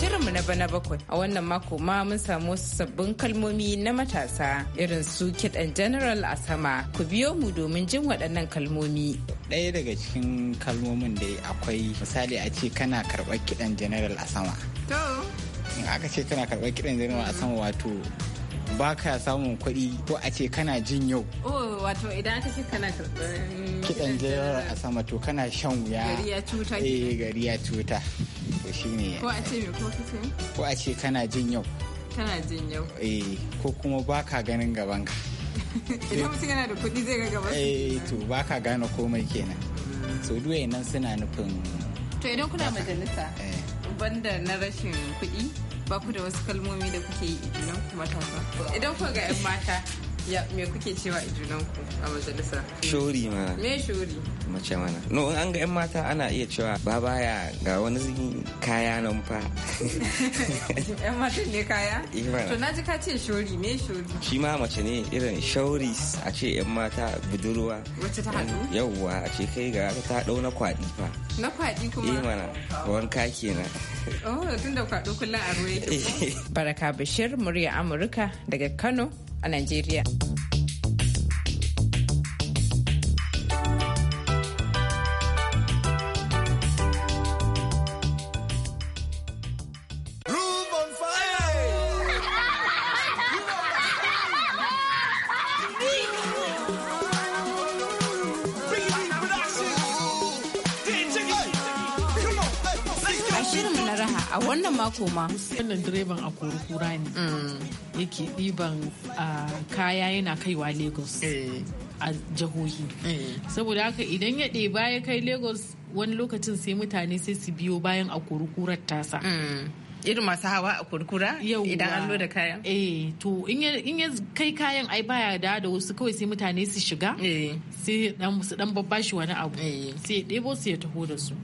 shirin mu na bana bakwai a wannan mako ma mun samu sabbin kalmomi na matasa irin su kiɗan general a sama ku biyo mu domin jin waɗannan kalmomi ɗaya daga cikin kalmomin da akwai misali a ce kana karɓar kiɗan general a sama in aka ce kana karɓar kiɗan general a sama wato ba ka samun kuɗi ko a ce kana jin yau. Oh, wato idan aka ce kana karɓar kiɗan jirar a sama to kana shan wuya. Gari ya cuta. Eh, gari ya cuta. To ne. Ko a ce me ko kace? Ko a ce kana jin yau. Kana jin yau. Eh, ko kuma ba ka ganin gaban ka. Idan mutum yana da kuɗi zai ga gaban. Eh, to ba ka gane komai kenan. So duwaye nan suna nufin. To idan kuna majalisa. Eh. Banda na rashin kuɗi. ba ku da wasu kalmomi da kuke yi idan ku matasa idan ku ga 'yan mata ya me kuke cewa a junanku a majalisa shuri ma me shuri mace mana no an ga yan mata ana iya cewa ba baya ga wani kaya nan fa yan mata ne kaya eh, to na ji ka ce shori me shori shi ma mace ne irin shauri a ce yan mata budurwa wacce ta hadu yawwa a ce kai ga ta dau na kwadi fa na kwadi kuma eh mana wanka kenan oh tunda kwado kullun a ruwa yake baraka bashir murya amurka daga Kano a Najeriya. shirinmu na raha a wannan mako ma. Wannan direban a kurkura ne yake ɗiban kaya yana kaiwa Lagos eh. a jihohi. Eh. Saboda haka idan ya ɗeba ya kai Lagos wani lokacin sai mutane sai su biyo bayan a kurar tasa. Mm. irin masu hawa a kurkura idan an loda kayan eh to in ya kai kayan ai baya da da wasu kawai sai mutane su shiga eh. sai dan su dan babbashi wani abu sai ya ɗebo su ya taho da su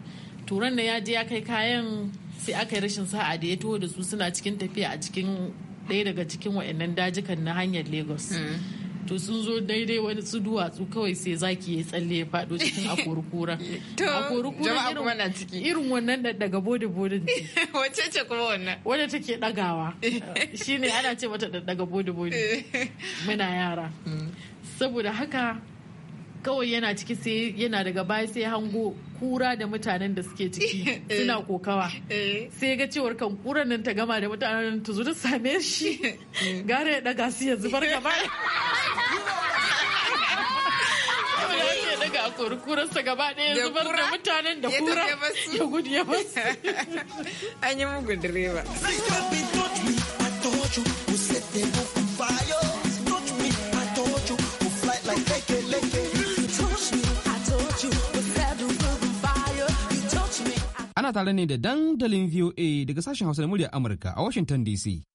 turan na ya je ya kai kayan sai aka yi rashin sa'a da ya taho da su suna cikin tafiya a cikin ɗaya daga cikin wa'annan dajikan na hanyar lagos hmm. to sun zo daidai wani su duwatsu kawai sai zaki ya tsalle ya faɗo cikin akorukura ciki irin wannan da daga bodi bodin wacce ce kuma wannan wadda take ɗagawa shine ana ce mata daga bodi bodi eh. muna yara hmm. saboda haka kawai yana ciki sai yana daga baya sai hango kura da mutanen da suke ciki eh. suna kokawa eh. sai ga cewar kan kuran nan ta gama da mutanen ta zo same shi eh. gara ya daga su ya zubar gaba daga a zubar da mutanen da kura ya gudu ya an yi mugun direba like tare ne da dandalin VOA daga sashen Hausa da Murya Amurka a Washington DC.